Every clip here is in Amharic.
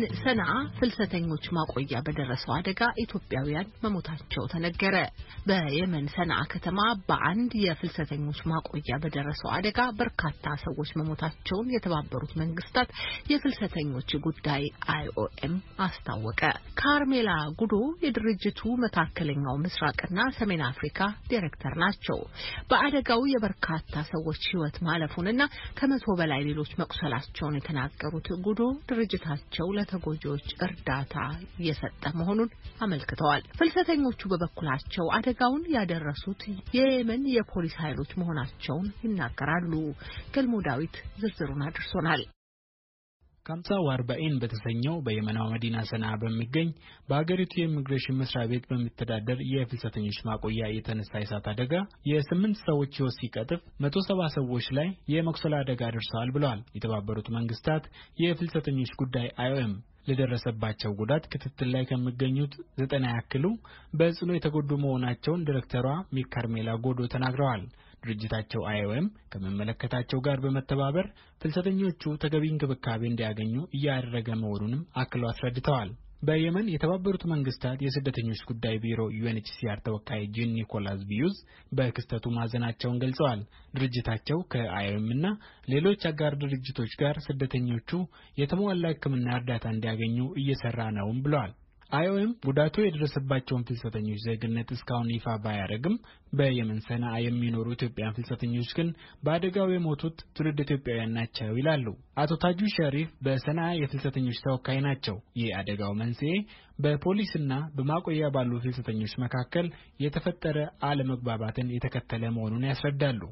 የመን ሰንዓ ፍልሰተኞች ማቆያ በደረሰው አደጋ ኢትዮጵያውያን መሞታቸው ተነገረ። በየመን ሰንዓ ከተማ በአንድ የፍልሰተኞች ማቆያ በደረሰው አደጋ በርካታ ሰዎች መሞታቸውን የተባበሩት መንግስታት የፍልሰተኞች ጉዳይ አይኦኤም አስታወቀ። ካርሜላ ጉዶ የድርጅቱ መካከለኛው ምስራቅና ሰሜን አፍሪካ ዲሬክተር ናቸው። በአደጋው የበርካታ ሰዎች ህይወት ማለፉንና ከመቶ በላይ ሌሎች መቁሰላቸውን የተናገሩት ጉዶ ድርጅታቸው ተጎጂዎች እርዳታ እየሰጠ መሆኑን አመልክተዋል። ፍልሰተኞቹ በበኩላቸው አደጋውን ያደረሱት የየመን የፖሊስ ኃይሎች መሆናቸውን ይናገራሉ። ገልሞ ዳዊት ዝርዝሩን አድርሶናል። ከምሳ ወአርባኤን በተሰኘው በየመናው መዲና ሰና በሚገኝ በአገሪቱ የኢሚግሬሽን መስሪያ ቤት በሚተዳደር የፍልሰተኞች ማቆያ የተነሳ የእሳት አደጋ የስምንት ሰዎች ህይወት ሲቀጥፍ መቶ ሰባ ሰዎች ላይ የመቁሰል አደጋ ደርሰዋል ብለዋል የተባበሩት መንግስታት የፍልሰተኞች ጉዳይ አይኦኤም። ለደረሰባቸው ጉዳት ክትትል ላይ ከሚገኙት ዘጠና ያክሉ በጽኑ የተጎዱ መሆናቸውን ዲሬክተሯ ሚክ ካርሜላ ጎዶ ተናግረዋል። ድርጅታቸው አይኦኤም ከመመለከታቸው ጋር በመተባበር ፍልሰተኞቹ ተገቢ እንክብካቤ እንዲያገኙ እያደረገ መሆኑንም አክለው አስረድተዋል። በየመን የተባበሩት መንግስታት የስደተኞች ጉዳይ ቢሮ ዩኤንኤችሲአር ተወካይ ጂን ኒኮላስ ቢዩዝ በክስተቱ ማዘናቸውን ገልጸዋል። ድርጅታቸው ከአይኤም እና ሌሎች አጋር ድርጅቶች ጋር ስደተኞቹ የተሟላ ሕክምና እርዳታ እንዲያገኙ እየሰራ ነውም ብለዋል። አይኦኤም ጉዳቱ የደረሰባቸውን ፍልሰተኞች ዜግነት እስካሁን ይፋ ባያደርግም በየመን ሰና የሚኖሩ ኢትዮጵያን ፍልሰተኞች ግን በአደጋው የሞቱት ትውልድ ኢትዮጵያውያን ናቸው ይላሉ። አቶ ታጁ ሸሪፍ በሰና የፍልሰተኞች ተወካይ ናቸው። ይህ የአደጋው መንስኤ በፖሊስና በማቆያ ባሉ ፍልሰተኞች መካከል የተፈጠረ አለመግባባትን የተከተለ መሆኑን ያስረዳሉ።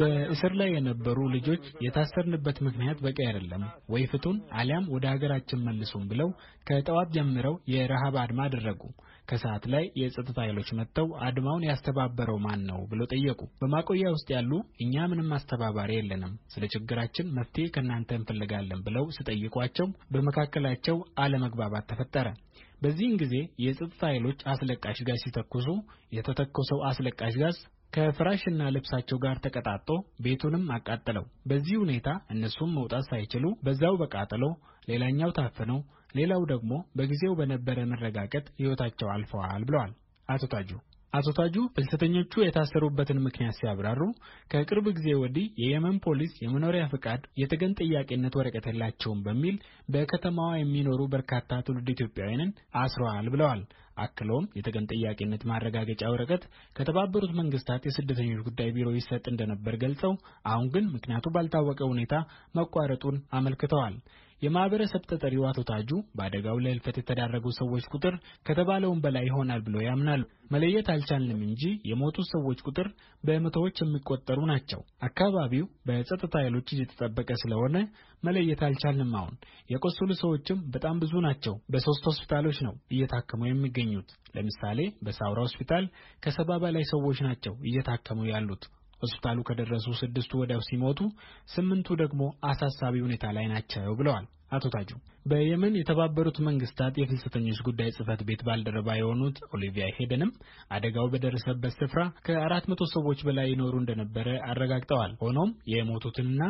በእስር ላይ የነበሩ ልጆች የታሰርንበት ምክንያት በቂ አይደለም፣ ወይ ፍቱን አሊያም ወደ ሀገራችን መልሱን ብለው ከጠዋት ጀምረው የረሃብ አድማ አደረጉ። ከሰዓት ላይ የጸጥታ ኃይሎች መጥተው አድማውን ያስተባበረው ማን ነው ብለው ጠየቁ። በማቆያ ውስጥ ያሉ እኛ ምንም አስተባባሪ የለንም፣ ስለ ችግራችን መፍትሄ ከእናንተ እንፈልጋለን ብለው ሲጠይቋቸው በመካከላቸው አለመግባባት ተፈጠረ። በዚህን ጊዜ የጸጥታ ኃይሎች አስለቃሽ ጋዝ ሲተኩሱ የተተኮሰው አስለቃሽ ጋዝ ከፍራሽና ልብሳቸው ጋር ተቀጣጦ ቤቱንም አቃጠለው። በዚህ ሁኔታ እነሱም መውጣት ሳይችሉ በዛው በቃጠሎ ሌላኛው ታፍነው ሌላው ደግሞ በጊዜው በነበረ መረጋገጥ ሕይወታቸው አልፈዋል ብለዋል አቶ ታጁ። አቶ ታጁ ፍልሰተኞቹ የታሰሩበትን ምክንያት ሲያብራሩ ከቅርብ ጊዜ ወዲህ የየመን ፖሊስ የመኖሪያ ፍቃድ፣ የተገን ጥያቄነት ወረቀት የላቸውም በሚል በከተማዋ የሚኖሩ በርካታ ትውልድ ኢትዮጵያውያንን አስረዋል ብለዋል። አክለውም የተገን ጥያቄነት ማረጋገጫ ወረቀት ከተባበሩት መንግስታት የስደተኞች ጉዳይ ቢሮ ይሰጥ እንደነበር ገልጸው አሁን ግን ምክንያቱ ባልታወቀ ሁኔታ መቋረጡን አመልክተዋል። የማህበረሰብ ተጠሪው አቶ ታጁ በአደጋው ለህልፈት የተዳረጉ ሰዎች ቁጥር ከተባለውን በላይ ይሆናል ብለው ያምናሉ። መለየት አልቻልንም እንጂ የሞቱ ሰዎች ቁጥር በመቶዎች የሚቆጠሩ ናቸው። አካባቢው በጸጥታ ኃይሎች እየተጠበቀ ስለሆነ መለየት አልቻልንም። አሁን የቆሰሉ ሰዎችም በጣም ብዙ ናቸው። በሶስት ሆስፒታሎች ነው እየታከሙ የሚገኙት። ለምሳሌ በሳውራ ሆስፒታል ከሰባ በላይ ሰዎች ናቸው እየታከሙ ያሉት። ሆስፒታሉ ከደረሱ ስድስቱ ወዲያው ሲሞቱ፣ ስምንቱ ደግሞ አሳሳቢ ሁኔታ ላይ ናቸው ብለዋል አቶ ታጁ። በየመን የተባበሩት መንግስታት የፍልሰተኞች ጉዳይ ጽህፈት ቤት ባልደረባ የሆኑት ኦሊቪያ ሄደንም አደጋው በደረሰበት ስፍራ ከአራት መቶ ሰዎች በላይ ይኖሩ እንደነበረ አረጋግጠዋል። ሆኖም የሞቱትንና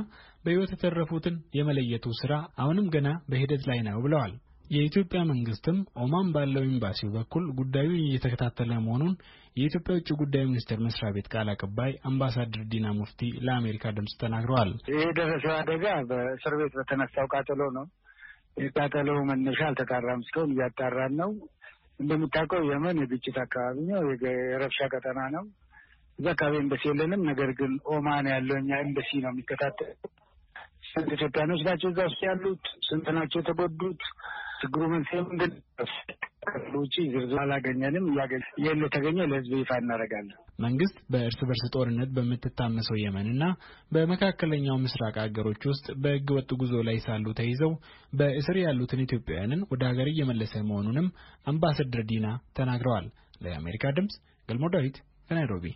በሕይወት የተረፉትን የመለየቱ ስራ አሁንም ገና በሂደት ላይ ነው ብለዋል። የኢትዮጵያ መንግስትም ኦማን ባለው ኤምባሲው በኩል ጉዳዩ እየተከታተለ መሆኑን የኢትዮጵያ ውጭ ጉዳይ ሚኒስቴር መስሪያ ቤት ቃል አቀባይ አምባሳደር ዲና ሙፍቲ ለአሜሪካ ድምጽ ተናግረዋል። ይህ የደረሰው አደጋ በእስር ቤት በተነሳው ቃጠሎ ነው። የቃጠሎው መነሻ አልተጣራም፣ እስካሁን እያጣራን ነው። እንደምታውቀው የመን የግጭት አካባቢ ነው፣ የረብሻ ቀጠና ነው። እዛ አካባቢ ኤምባሲ የለንም። ነገር ግን ኦማን ያለው እኛ ኤምባሲ ነው የሚከታተለው። ስንት ኢትዮጵያኖች ናቸው እዛ ውስጥ ያሉት? ስንት ናቸው የተጎዱት? ችግሩ መንስኤ ምንድን ውጭ ዝርዝር አላገኘንም። ይህ እንደተገኘ ለህዝብ ይፋ እናደርጋለን። መንግስት በእርስ በርስ ጦርነት በምትታመሰው የመንና በመካከለኛው ምስራቅ ሀገሮች ውስጥ በህገ ወጥ ጉዞ ላይ ሳሉ ተይዘው በእስር ያሉትን ኢትዮጵያውያንን ወደ ሀገር እየመለሰ መሆኑንም አምባሳደር ዲና ተናግረዋል። ለአሜሪካ ድምጽ ገልሞ ዳዊት ከናይሮቢ